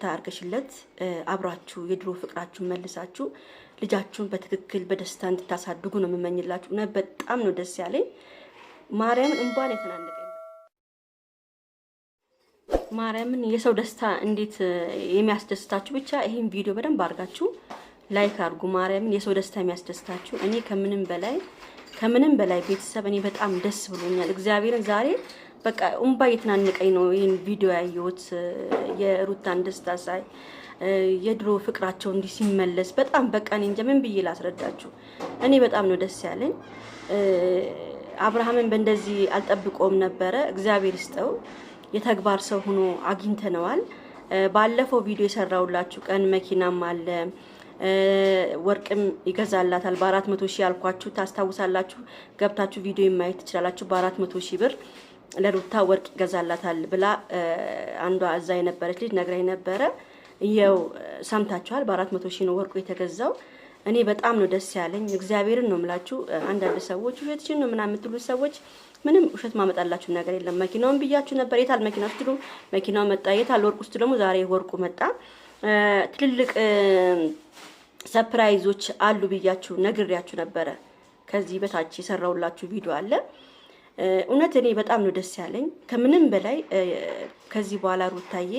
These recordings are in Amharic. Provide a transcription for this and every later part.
ይቅርታ አድርገሽለት አብራችሁ የድሮ ፍቅራችሁን መልሳችሁ ልጃችሁን በትክክል በደስታ እንድታሳድጉ ነው የምመኝላችሁ። እና በጣም ነው ደስ ያለኝ። ማርያምን እንባን የተናነቀ ማርያምን የሰው ደስታ እንዴት የሚያስደስታችሁ ብቻ ይህን ቪዲዮ በደንብ አድርጋችሁ ላይክ አድርጉ። ማርያምን የሰው ደስታ የሚያስደስታችሁ እኔ ከምንም በላይ ከምንም በላይ ቤተሰብ እኔ በጣም ደስ ብሎኛል። እግዚአብሔርን ዛሬ በቃ እምባ እየተናነቀኝ ነው ይህን ቪዲዮ ያየሁት የሩታን ደስታ ሳይ የድሮ ፍቅራቸው እንዲህ ሲመለስ በጣም በቃ እኔ እንጃ ምን ብዬ ላስረዳችሁ። እኔ በጣም ነው ደስ ያለኝ። አብርሃምን በእንደዚህ አልጠብቆም ነበረ። እግዚአብሔር ይስጠው የተግባር ሰው ሆኖ አግኝተነዋል። ባለፈው ቪዲዮ የሰራውላችሁ ቀን መኪናም አለ ወርቅም ይገዛላታል። በአራት መቶ ሺህ ያልኳችሁ ታስታውሳላችሁ። ገብታችሁ ቪዲዮ ማየት ትችላላችሁ። በአራት መቶ ሺህ ብር ለሩታ ወርቅ ይገዛላታል ብላ አንዷ እዛ የነበረች ልጅ ነግራኝ ነበረ። ይኸው ሰምታችኋል። በአራት መቶ ሺህ ነው ወርቁ የተገዛው። እኔ በጣም ነው ደስ ያለኝ። እግዚአብሔርን ነው የምላችሁ። አንዳንድ ሰዎች ውሸትሽን ነው ምናምን የምትሉት ሰዎች ምንም ውሸት ማመጣላችሁ ነገር የለም። መኪናውን ብያችሁ ነበር። የታል መኪና ስትሉ መኪናው መጣ። የታል ወርቁ ስትሉ ደግሞ ዛሬ ወርቁ መጣ። ትልልቅ ሰፕራይዞች አሉ ብያችሁ ነግሬያችሁ ነበረ። ከዚህ በታች የሰራውላችሁ ቪዲዮ አለ። እውነት እኔ በጣም ነው ደስ ያለኝ። ከምንም በላይ ከዚህ በኋላ ሩታዬ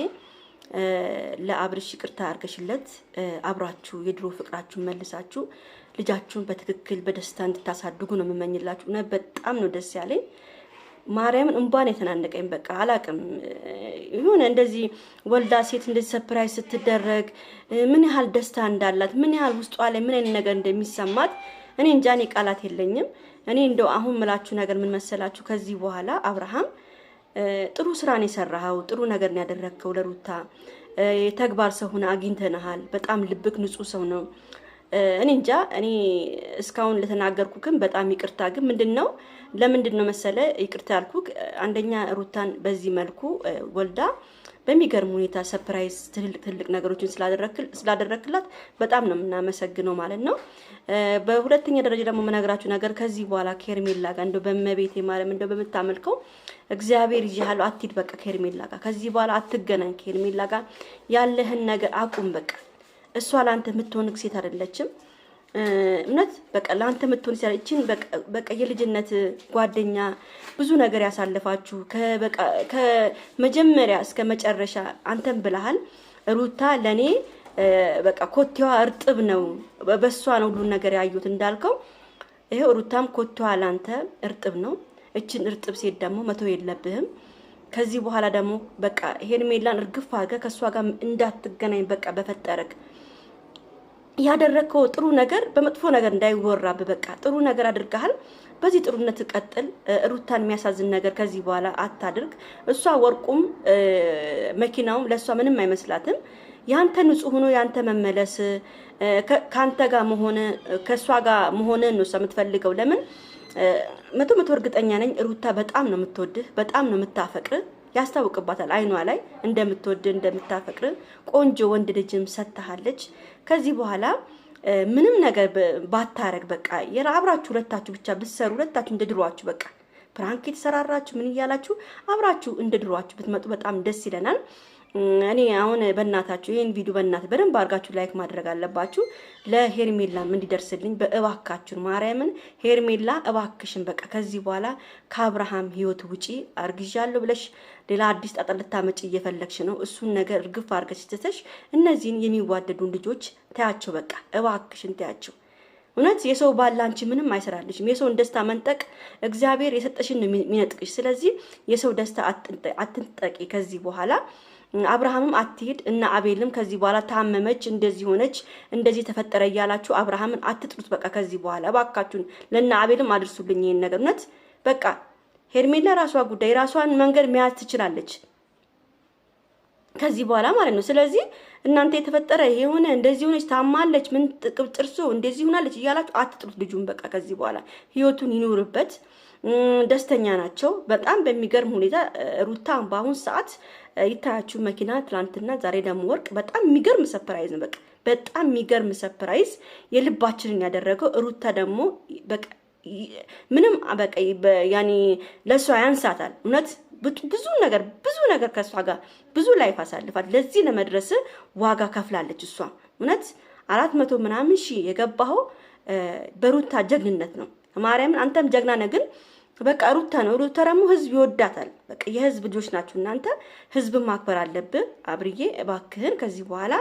ለአብርሽ ይቅርታ አድርገሽለት አብራችሁ የድሮ ፍቅራችሁን መልሳችሁ ልጃችሁን በትክክል በደስታ እንድታሳድጉ ነው የምመኝላችሁ። እውነት በጣም ነው ደስ ያለኝ። ማርያምን እንቧን የተናነቀኝ በቃ አላቅም። ይሁን እንደዚህ ወልዳ ሴት እንደዚህ ሰፕራይዝ ስትደረግ ምን ያህል ደስታ እንዳላት ምን ያህል ውስጧ ላይ ምን አይነት ነገር እንደሚሰማት እኔ እንጃ፣ እኔ ቃላት የለኝም። እኔ እንደው አሁን ምላችሁ ነገር ምን መሰላችሁ? ከዚህ በኋላ አብርሃም ጥሩ ስራን የሰራኸው ጥሩ ነገር ያደረግከው ለሩታ የተግባር ሰው ሆነ አግኝተናሃል። በጣም ልብክ ንጹህ ሰው ነው። እኔ እንጃ እኔ እስካሁን ለተናገርኩ ግን በጣም ይቅርታ። ግን ምንድን ነው ለምንድን ነው መሰለ ይቅርታ ያልኩ አንደኛ ሩታን በዚህ መልኩ ወልዳ በሚገርም ሁኔታ ሰፕራይዝ ትልቅ ትልቅ ነገሮችን ስላደረክላት በጣም ነው የምናመሰግነው ማለት ነው። በሁለተኛ ደረጃ ደግሞ የምነግራችሁ ነገር ከዚህ በኋላ ከሄርሜላ ጋር እንደው በመቤቴ ማርያም እንደው በምታመልከው እግዚአብሔር ይዤሃለሁ አትሂድ፣ በቃ ከሄርሜላ ጋር ከዚህ በኋላ አትገናኝ፣ ከሄርሜላ ጋር ያለህን ነገር አቁም በቃ እሷ ለአንተ የምትሆን ሴት አይደለችም። እምነት በቃ ለአንተ የምትሆን ሴት እችን በቃ የልጅነት ጓደኛ ብዙ ነገር ያሳልፋችሁ ከመጀመሪያ እስከ መጨረሻ አንተም ብለሃል። ሩታ ለኔ በቃ ኮቴዋ እርጥብ ነው። በሷ ነው ሁሉን ነገር ያዩት እንዳልከው ይሄ ሩታም ኮቴዋ ላንተ እርጥብ ነው። እችን እርጥብ ሴት ደግሞ መተው የለብህም። ከዚህ በኋላ ደግሞ በቃ ሄርሜላን እርግፍ አድርገህ ከእሷ ጋር እንዳትገናኝ በቃ በፈጠረክ ያደረግከው ጥሩ ነገር በመጥፎ ነገር እንዳይወራብ በቃ ጥሩ ነገር አድርገሃል። በዚህ ጥሩነት ቀጥል። ሩታን የሚያሳዝን ነገር ከዚህ በኋላ አታድርግ። እሷ ወርቁም መኪናውም ለእሷ ምንም አይመስላትም። ያንተ ንጹህ ሆኖ ያንተ መመለስ ከአንተ ጋር መሆን ከእሷ ጋር መሆንን ነው እሷ የምትፈልገው ለምን መቶ መቶ እርግጠኛ ነኝ ሩታ በጣም ነው የምትወድህ፣ በጣም ነው የምታፈቅር። ያስታውቅባታል አይኗ ላይ እንደምትወድ እንደምታፈቅር። ቆንጆ ወንድ ልጅም ሰጥተሃለች። ከዚህ በኋላ ምንም ነገር ባታረግ በቃ አብራችሁ ሁለታችሁ ብቻ ብትሰሩ ሁለታችሁ እንደ ድሯችሁ በቃ ፕራንክ የተሰራራችሁ ምን እያላችሁ አብራችሁ እንደ ድሯችሁ ብትመጡ በጣም ደስ ይለናል። እኔ አሁን በእናታችሁ ይህን ቪዲዮ በእናት በደንብ አድርጋችሁ ላይክ ማድረግ አለባችሁ። ለሄርሜላም እንዲደርስልኝ በእባካችሁን ማርያምን፣ ሄርሜላ እባክሽን በቃ ከዚህ በኋላ ከአብርሃም ህይወት ውጪ አርግዣለሁ ብለሽ ሌላ አዲስ ጣጣ ልታመጪ እየፈለግሽ ነው። እሱን ነገር እርግፍ አድርገሽ ትተሽ እነዚህን የሚዋደዱን ልጆች ተያቸው፣ በቃ እባክሽን ተያቸው። እውነት የሰው ባል ምንም አይሰራልሽም። የሰውን ደስታ መንጠቅ እግዚአብሔር የሰጠሽን ነው የሚነጥቅሽ። ስለዚህ የሰው ደስታ አትንጠቂ ከዚህ በኋላ አብርሃምም አትሄድ እና አቤልም ከዚህ በኋላ ታመመች፣ እንደዚህ ሆነች፣ እንደዚህ ተፈጠረ እያላችሁ አብርሃምን አትጥሩት። በቃ ከዚህ በኋላ እባካችሁን ለእነ አቤልም አድርሱልኝ ይህን ነገር እውነት በቃ ሄርሜላ ራሷ ጉዳይ ራሷን መንገድ መያዝ ትችላለች። ከዚህ በኋላ ማለት ነው። ስለዚህ እናንተ የተፈጠረ የሆነ እንደዚህ ሆነች፣ ታማለች፣ ምን ጥቅብ ጥርሶ እንደዚህ ሆናለች እያላችሁ አትጥሩት ልጁን። በቃ ከዚህ በኋላ ህይወቱን ይኖርበት። ደስተኛ ናቸው። በጣም በሚገርም ሁኔታ ሩታ በአሁን ሰዓት ይታያችሁ መኪና፣ ትናንትና ዛሬ ደግሞ ወርቅ። በጣም የሚገርም ሰፕራይዝ ነው። በቃ በጣም የሚገርም ሰፕራይዝ የልባችንን ያደረገው። ሩታ ደግሞ በቃ ምንም በቃ ያኔ ለእሷ ያንሳታል እውነት ብዙ ነገር ብዙ ነገር ከእሷ ጋር ብዙ ላይፍ አሳልፋል። ለዚህ ለመድረስ ዋጋ ከፍላለች እሷ። እውነት አራት መቶ ምናምን ሺ የገባኸው በሩታ ጀግንነት ነው። ማርያምን አንተም ጀግና ነህ ግን በቃ ሩታ ነው። ሩታ ደግሞ ህዝብ ይወዳታል። በቃ የህዝብ ልጆች ናችሁ እናንተ። ህዝብ ማክበር አለብህ። አብርዬ እባክህን ከዚህ በኋላ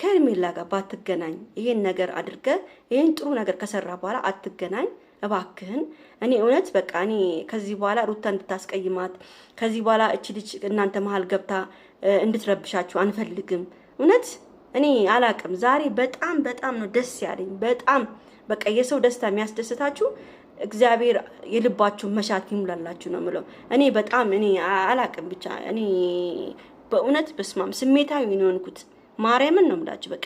ከሄርሜላ ጋር ባትገናኝ፣ ይሄን ነገር አድርገህ ይሄን ጥሩ ነገር ከሰራ በኋላ አትገናኝ። እባክህን እኔ እውነት በቃ እኔ ከዚህ በኋላ ሩታ እንድታስቀይማት ከዚህ በኋላ እች ልጅ እናንተ መሀል ገብታ እንድትረብሻችሁ አንፈልግም። እውነት እኔ አላቅም። ዛሬ በጣም በጣም ነው ደስ ያለኝ። በጣም በቃ የሰው ደስታ የሚያስደስታችሁ እግዚአብሔር የልባችሁን መሻት ይሙላላችሁ ነው የምለው። እኔ በጣም እኔ አላቅም ብቻ እኔ በእውነት በስማም ስሜታዊ ነው የሆንኩት። ማርያምን ነው የምላችሁ በቃ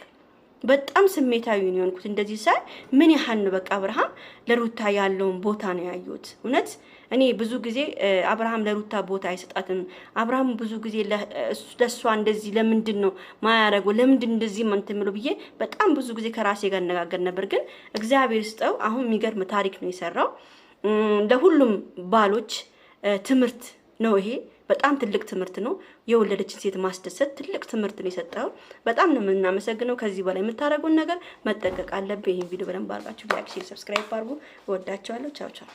በጣም ስሜታዊ ነው የሆንኩት። እንደዚህ ሳይ ምን ያህል ነው በቃ አብርሃም ለሩታ ያለውን ቦታ ነው ያዩት እውነት እኔ ብዙ ጊዜ አብርሃም ለሩታ ቦታ አይሰጣትም። አብርሃም ብዙ ጊዜ ለእሷ እንደዚህ ለምንድን ነው ማያደርገው? ለምንድን እንደዚህ ምንትምሉ ብዬ በጣም ብዙ ጊዜ ከራሴ ጋር እነጋገር ነበር። ግን እግዚአብሔር ስጠው አሁን የሚገርም ታሪክ ነው የሰራው። ለሁሉም ባሎች ትምህርት ነው ይሄ በጣም ትልቅ ትምህርት ነው። የወለደችን ሴት ማስደሰት ትልቅ ትምህርት ነው የሰጠው። በጣም ነው የምናመሰግነው። ከዚህ በላይ የምታደርጉን ነገር መጠቀቅ አለብ ይህን ቪዲዮ በደንብ አድርጋችሁ ላይክ፣ ሼር፣ ሰብስክራይብ አድርጉ። እወዳቸዋለሁ። ቻው ቻው